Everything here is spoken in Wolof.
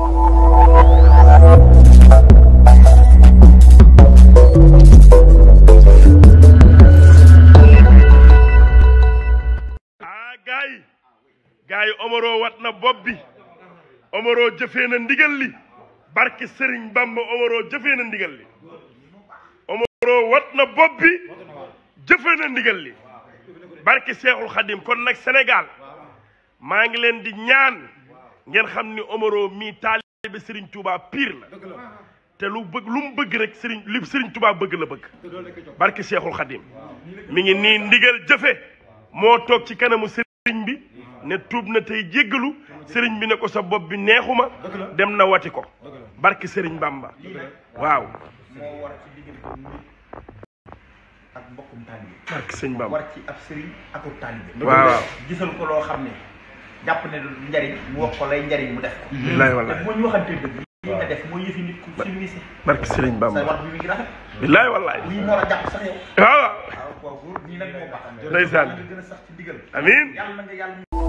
Ah, gaay yi Omaro wat na bopp bi Omaro na ndigal li barke Serigne Bamba Omaro jëfee na ndigal li Omaro wat na bopp bi na ndigal li barke Seexul Xadim kon nag Sénégal maa ngi leen di ñaan ngeen xam ni Omaro mii taalibe Serigne Touba pire la te lu bëgg lu mu bëgg rek Serigne li Serigne Touba bëgg la bëgg barki Cheikhul Khadim mi ngi nii ndigal jëfe moo toog ci kanamu Serigne bi ne tuub na tey jéggalu Serigne bi ne ko sa bopp bi neexuma dem na wati ko barki sëriñ Bamba waaw. ko loo xam ne. jàpp ne du njariñ mu wax ko lay njariñ mu def ko. billaay wallaay Bamba wax bi mi ngi la jàpp sax yow. waaw waaw. waaw a sax